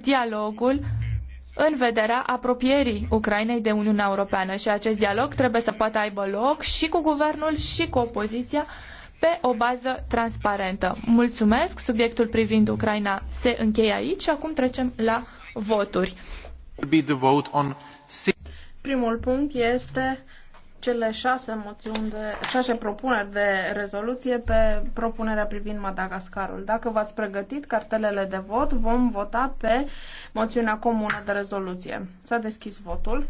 dialogul în vederea apropierii Ucrainei de Uniunea Europeană și acest dialog trebuie să poată aibă loc și cu guvernul și cu opoziția pe o bază transparentă. Mulțumesc, subiectul privind Ucraina se încheie aici și acum trecem la voturi. Primul punct este cele șase moțiuni de, șase propuneri de rezoluție pe propunerea privind Madagascarul. Dacă v-ați pregătit cartelele de vot, vom vota pe moțiunea comună de rezoluție. S-a deschis votul.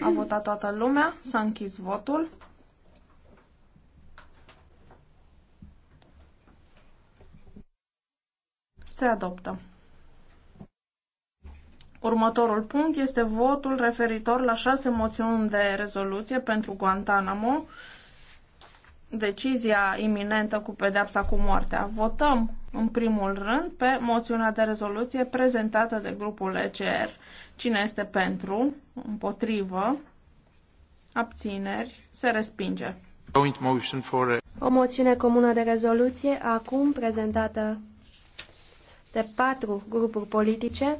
A votat toată lumea, s-a închis votul. Se adoptă. Următorul punct este votul referitor la șase moțiuni de rezoluție pentru Guantanamo, decizia iminentă cu pedepsa cu moartea. Votăm în primul rând pe moțiunea de rezoluție prezentată de grupul ECR. Cine este pentru, împotrivă, abțineri, se respinge. O moțiune comună de rezoluție acum prezentată de patru grupuri politice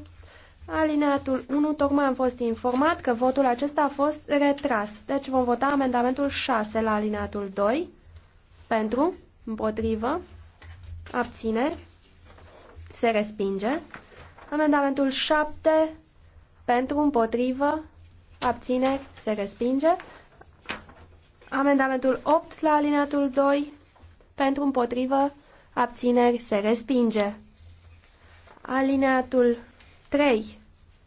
Alineatul 1, tocmai am fost informat că votul acesta a fost retras. Deci vom vota amendamentul 6 la alineatul 2. Pentru, împotrivă, abțineri, se respinge. Amendamentul 7, pentru, împotrivă, abțineri, se respinge. Amendamentul 8 la alineatul 2, pentru, împotrivă, abțineri, se respinge. Alineatul 3.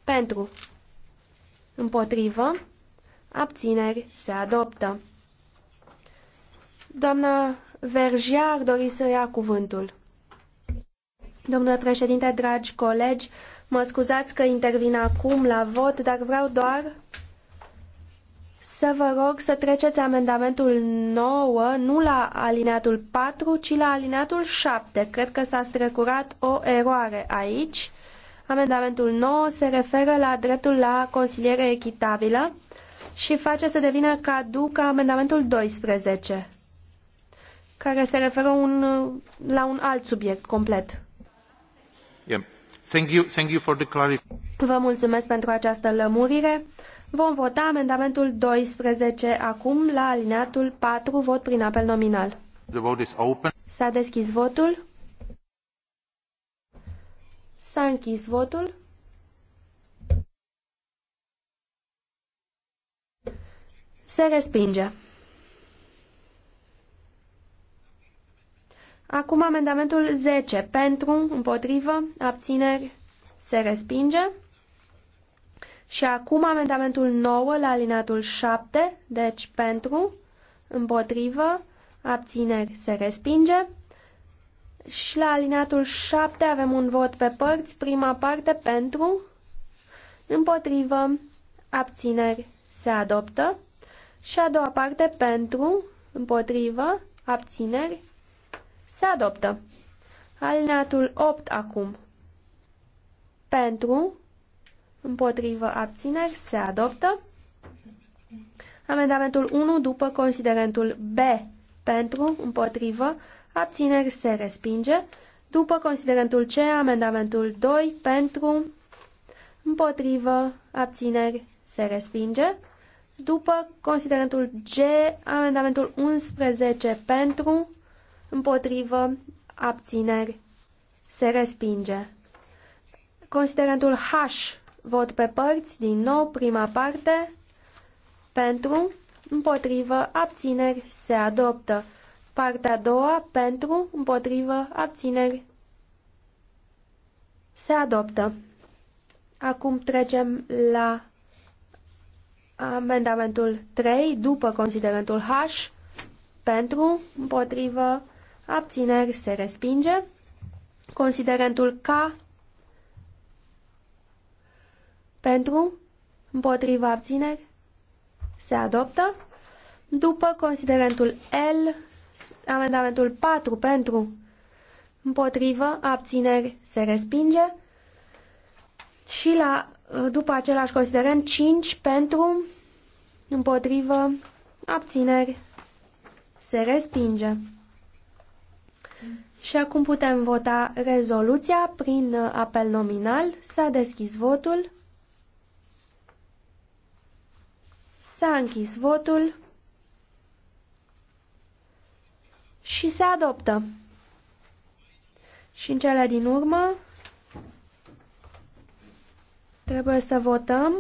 Pentru. Împotrivă. Abțineri. Se adoptă. Doamna Vergiar dori să ia cuvântul. Domnule președinte, dragi colegi, mă scuzați că intervin acum la vot, dar vreau doar să vă rog să treceți amendamentul 9, nu la alineatul 4, ci la alineatul 7. Cred că s-a strecurat o eroare aici Amendamentul 9 se referă la dreptul la consiliere echitabilă și face să devină caduc amendamentul 12, care se referă un, la un alt subiect complet. Yeah. Thank you, thank you for the Vă mulțumesc pentru această lămurire. Vom vota amendamentul 12 acum la alineatul 4, vot prin apel nominal. S-a deschis votul. S-a închis votul. Se respinge. Acum amendamentul 10. Pentru, împotrivă, abțineri, se respinge. Și acum amendamentul 9 la alineatul 7, deci pentru, împotrivă, abțineri, se respinge și la alineatul 7 avem un vot pe părți. Prima parte pentru, împotrivă, abțineri se adoptă. Și a doua parte pentru, împotrivă, abțineri se adoptă. Alineatul 8 acum. Pentru, împotrivă, abțineri se adoptă. Amendamentul 1 după considerentul B pentru, împotrivă, abțineri se respinge. După considerentul C, amendamentul 2 pentru, împotrivă, abțineri se respinge. După considerentul G, amendamentul 11 pentru, împotrivă, abțineri se respinge. Considerentul H, vot pe părți, din nou, prima parte, pentru, împotrivă, abțineri se adoptă. Partea a doua, pentru, împotrivă, abțineri, se adoptă. Acum trecem la amendamentul 3, după considerentul H, pentru, împotrivă, abțineri, se respinge. Considerentul K, pentru, împotriva abțineri, se adoptă. După considerentul L, Amendamentul 4 pentru, împotrivă, abțineri, se respinge. Și la, după același considerent, 5 pentru, împotrivă, abțineri, se respinge. Și acum putem vota rezoluția prin apel nominal. S-a deschis votul. S-a închis votul. și se adoptă. Și în cele din urmă trebuie să votăm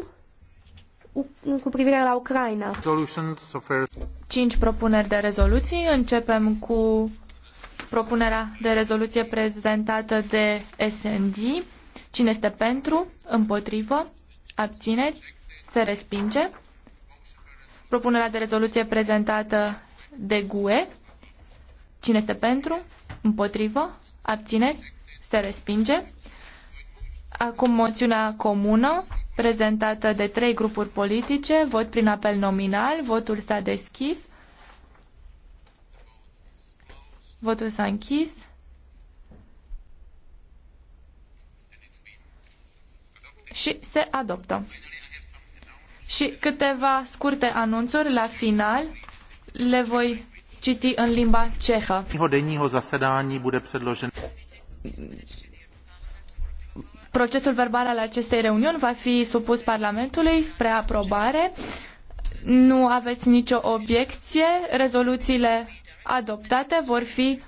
cu privire la Ucraina. Cinci propuneri de rezoluții. Începem cu propunerea de rezoluție prezentată de SND. Cine este pentru? Împotrivă? Abțineri? Se respinge. Propunerea de rezoluție prezentată de GUE. Cine este pentru? Împotrivă? Abțineri? Se respinge. Acum moțiunea comună prezentată de trei grupuri politice, vot prin apel nominal, votul s-a deschis, votul s-a închis. Și se adoptă. Și câteva scurte anunțuri la final le voi citi în limba cehă. Denního zasedání bude předložen Procesul verbal al acestei reuniuni va fi supus Parlamentului spre aprobare. Nu aveți nicio obiecție. Rezoluțiile adoptate vor fi